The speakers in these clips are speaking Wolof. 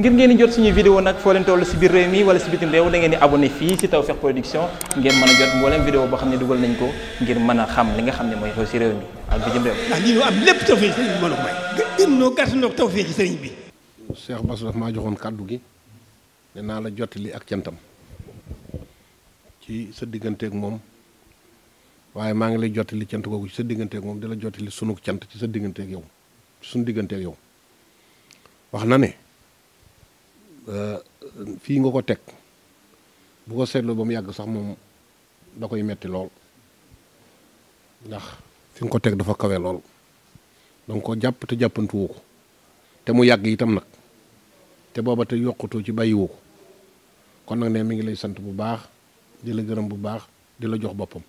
ngir ngeen jot suñu vidéo nag foo leen toll si biir réew mi wala si bitim réew da ngeen di abonné fii si Tawfekh Production ngeen mën a jot mboolem vidéo boo xam ne dugal nañ ko ngir mën a xam li nga xam ne mooy xew si réew mi ak bitim réew. ndax lii ñu am lépp Tawfekh sëriñ bi mën a ko may. gën noo gàtt noo Tawfekh sëriñ bi. Cheikh Bass daf maa joxoon kàddu gi ne naa la jot jottali ak cantam ci sa digganteeg moom waaye maa ngi lay jot li cant googu ci sa digganteeg moom di la jottali sunu cant ci sa digganteeg yow sunu digganteeg yow na ne fii nga ko teg bu ko seetloo ba mu yàgg sax moom da koy metti lool ndax fi nga ko teg dafa kawe lool danga ko jàpp te jàppantuwoo ko te mu yàgg itam nag te booba te yokkutoo ci bàyyiwoo ko kon nag ne mi ngi lay sant bu baax di la gërëm bu baax di la jox boppam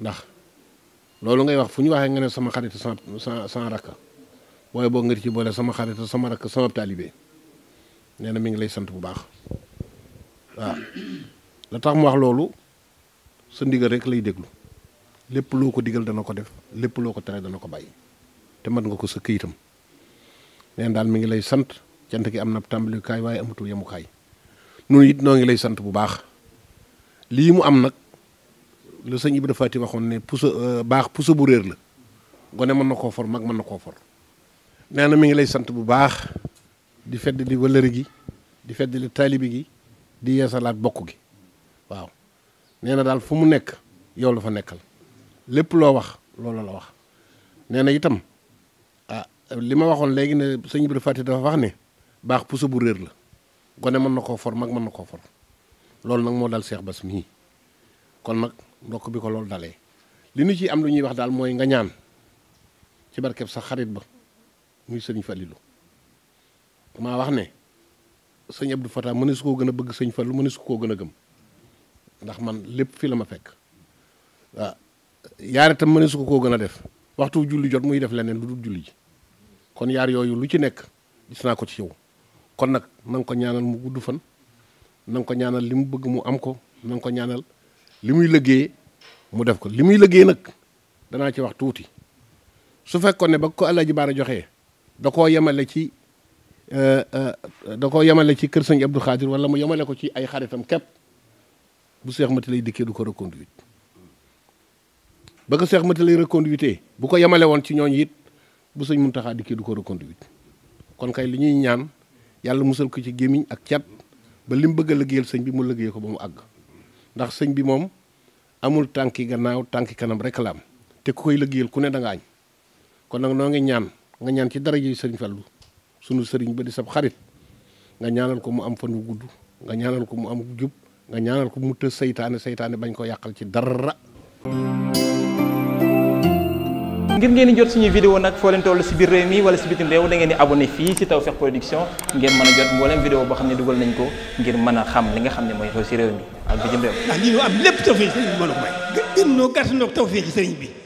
ndax loolu ngay wax fu ñu waxee nga ne sama xarit sama sama rakka booy boo nga ci boole sama xarit sama rakk sama taalibe nee na mi ngi lay sant bu baax waaw la tax mu wax loolu sa ndigal rek lay déglu lépp loo ko digal dana ko def lépp loo ko tere dana ko bay te mat nga ko sa këyitam nee na daal mi ngi lay sant cant gi am na tàmbalikaay waaye amatul yemukaay noonu it noo ngi lay sant bu baax lii mu am nag lu sëñ Ibra Faty waxoon ne pusa euh, baax pusa bu réer la gone mën na koo for mag mën na koo for nee mi ngi lay sant bu baax di feddali wëllëri gi di feddali taalibi gi di yeesalaat bokk gi waaw nee na daal fu mu nekk yow la fa nekkal lépp loo wax loolu la wax nee na itam ah li ma waxoon léegi ne sëñ Ibrahima Fati dafa wax ne baax puso bu réer la gone mën na koo for mag mën na koo for loolu nag moo dal Seex Bas mii kon nag ndokk bi ko loolu dalee li nu ci am lu ñuy wax daal mooy nga ñaan ci barkeb sa xarit ba muy sëriñ Falilou maa wax ne sëñ Abdou Fatah mënees koo gën a bëgg sëñ Fallu mënees koo gën a gëm ndax man lépp fii la ma fekk waaw yaar itam mënees ko koo gën a def waxtu julli jot muy def leneen lu dul julli ji kon yaar yooyu lu ci nekk gis naa ko ci yow kon nag na ko ñaanal mu gudd fan na ko ñaanal li mu bëgg mu am ko na ko ñaanal li muy liggéey mu def ko li muy liggéey nag danaa ci wax tuuti su fekkoon ne ba ko Alaaji Baara joxee da koo yemale ci da ko yemale ci kër sëñ Abdou Khadir wala mu yemale ko ci ay xaritam képp bu Seex Mati lay dikkee du ko reconduite ba ko Seex Mati lay reconduite bu ko yemale woon ci ñooñ it bu sëñ mun Muntaxa dikkee du ko reconduite kon kay li ñuy ñaan yàlla musal ko ci gémmiñ ak cat ba li mu bëgg a liggéeyal sëñ bi mu liggéey ko ba mu àgg ndax sëñ bi moom amul tànki gannaaw tànki kanam rek la am te ku koy liggéeyal ku ne da añ kon nag noo ngi ñaan nga ñaan ci dar ji Fallu sunu sëriñ ba di sab xarit nga ñaanal ko mu am fan wu gudd nga ñaanal ko mu am jub nga ñaanal ko mu tës saytaane saytaane bañ ko yàqal ci dara. ngir ngeen di jot suñu vidéo nag foo leen toll si biir réew mi wala si bitim réew da ngeen di abonné fii si Tawfekh Production ngeen mën a jot mboolem vidéo boo xam ne dugal nañ ko ngir mën a xam li nga xam ne mooy xew si réew mi ak bitim réew. ndax lii ñu am lépp Tawfekh sëriñ bi mën a sëriñ bi.